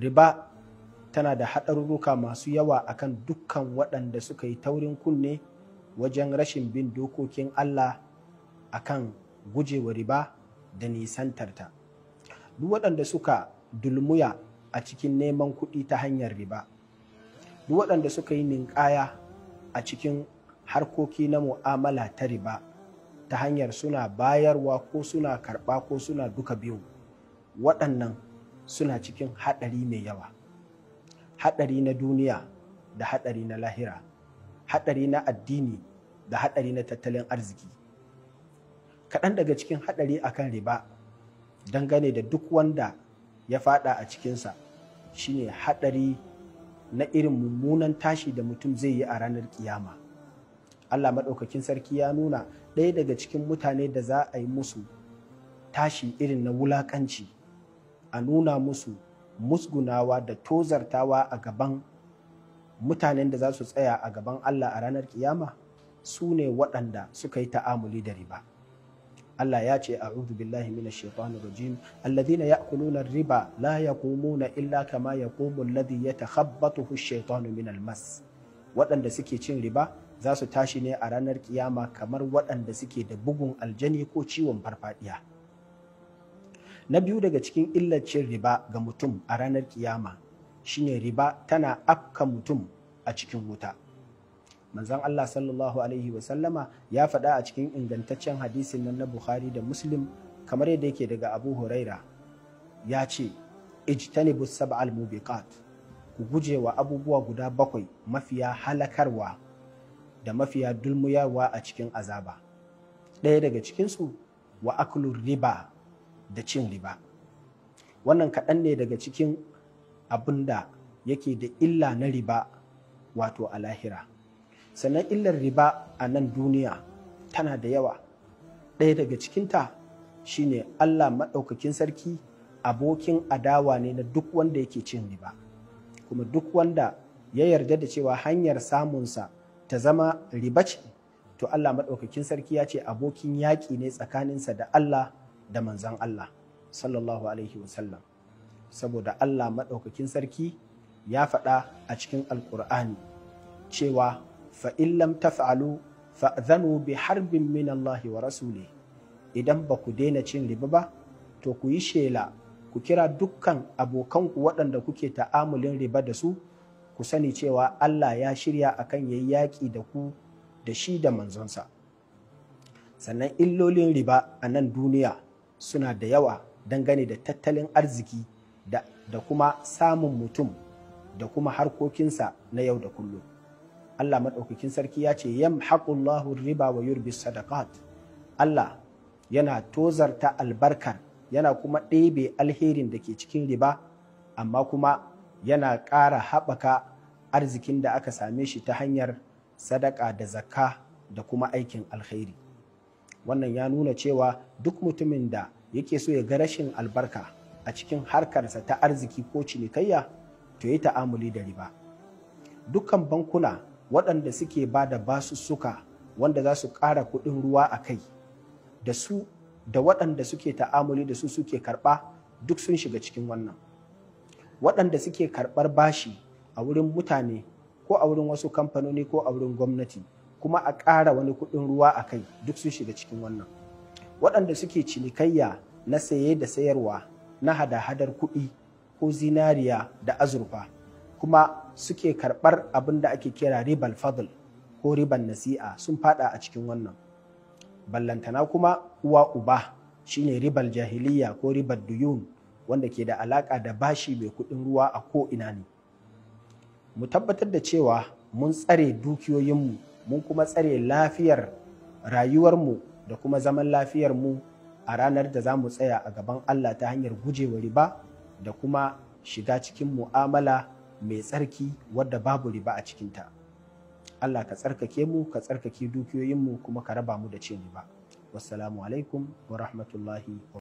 riba tana da haɗarurruka masu yawa akan dukkan waɗanda suka yi taurin kunne wajen rashin bin dokokin Allah akan gujewa riba da nisantarta duk waɗanda suka dulmuya a cikin neman kuɗi ta hanyar riba duk waɗanda suka yi ninkaya a cikin harkoki na mu'amala ta riba ta hanyar suna bayarwa ko suna karɓa ko suna duka biyu waɗannan suna cikin haɗari mai yawa haɗari na duniya da haɗari na lahira haɗari na addini da haɗari na tattalin arziki kaɗan daga cikin haɗari akan riba dangane da duk wanda ya faɗa a cikinsa shine haɗari na irin mummunan tashi da mutum zai yi a ranar kiyama Allah maɗaukakin sarki ya nuna ɗaya daga cikin mutane da za a yi musu tashi irin na wulaƙanci a nuna musu musgunawa da tozartawa a gaban mutanen da za su tsaya a gaban Allah a ranar kiyama su ne waɗanda suka yi ta'amuli da riba. Allah ya ce a'udhu billahi minash shaitanir rajim alladhina ya'kuluna riba la yaqumuna illa kama yaqumu ta yatakhabbathu ash-shaytanu minal mas waɗanda suke cin riba za su tashi ne a ranar kiyama kamar waɗanda suke da bugun aljani ko ciwon farfadiya. na biyu daga cikin illacin riba ga mutum a ranar kiyama shine riba tana afka mutum a cikin wuta manzon Allah sallallahu alaihi wasallama ya faɗa a cikin ingantaccen hadisin nan na Bukhari da Muslim kamar yadda yake daga Abu Huraira ya ce ijtanibu sab'al mubiqat ku guje wa abubuwa guda bakwai mafiya halakarwa da mafiya dulmuyarwa a cikin azaba ɗaya daga cikinsu wa aklur riba da cin riba wannan kaɗan ne daga cikin abin da yake da illa na riba wato a lahira sannan illar riba a nan duniya tana da yawa ɗaya daga cikinta shine allah maɗaukakin sarki abokin adawa ne na duk wanda yake cin riba kuma duk wanda ya yarda da cewa hanyar samunsa ta zama riba ce to allah maɗaukakin sarki ya ce abokin yaƙi ne tsakaninsa da allah da manzan Allah sallallahu alaihi wasallam saboda Allah maɗaukakin sarki ya faɗa a cikin alƙur'ani cewa fa'in lam taf'alu fa'zanu bi harbin min Allah wa rasuli idan ba ku daina cin riba ba to ku yi shela ku kira dukkan abokanku waɗanda kuke ta'amulin riba da su ku sani cewa Allah ya shirya akan yayi yaƙi da ku da shi da manzonsa sannan illolin riba a nan duniya suna da yawa dangane da tattalin arziki da, da kuma samun mutum da kuma harkokinsa na yau da kullum. Allah maɗaukakin sarki ya ce yam haƙullahu riba wa yurbi sadaqat Allah yana tozarta albarkar yana kuma ɗebe alherin da ke cikin riba amma kuma yana ƙara haɓaka arzikin da aka same shi ta hanyar sadaka da zakka da kuma aikin alheri. wannan ya nuna cewa duk mutumin da yake so ya ga rashin albarka a cikin harkarsa ta arziki ko cinikayya to yi ta'amuli da riba dukkan bankuna waɗanda suke ba da basussuka wanda za su ƙara kuɗin ruwa a kai da su da waɗanda suke ta'amuli da su suke karɓa duk sun shiga cikin wannan waɗanda suke karɓar bashi a wurin mutane ko a wurin wasu kamfanoni ko a wurin gwamnati kuma a ƙara wani kuɗin ruwa a kai duk sun shiga cikin wannan waɗanda suke cinikayya na saye da sayarwa na hada-hadar kuɗi ko zinariya da azurfa kuma suke karɓar abin da ake kira ribal fadl ko riban nasi'a sun faɗa a cikin wannan ballantana kuma uwa uba shine ribal jahiliya ko ribar duyun wanda ke da alaƙa da bashi mai kuɗin ruwa a ko'ina ne mu tabbatar da cewa mun tsare dukiyoyinmu mun kuma tsare lafiyar rayuwarmu da kuma zaman lafiyarmu a ranar da za mu tsaya a gaban Allah ta hanyar gujewa riba da kuma shiga cikin mu'amala mai tsarki wadda babu riba a cikinta. Allah ka tsarkake mu, ka tsarkake dukiyoyinmu kuma ka raba mu da cin riba. Wassalamu alaikum wa rahmatullahi wa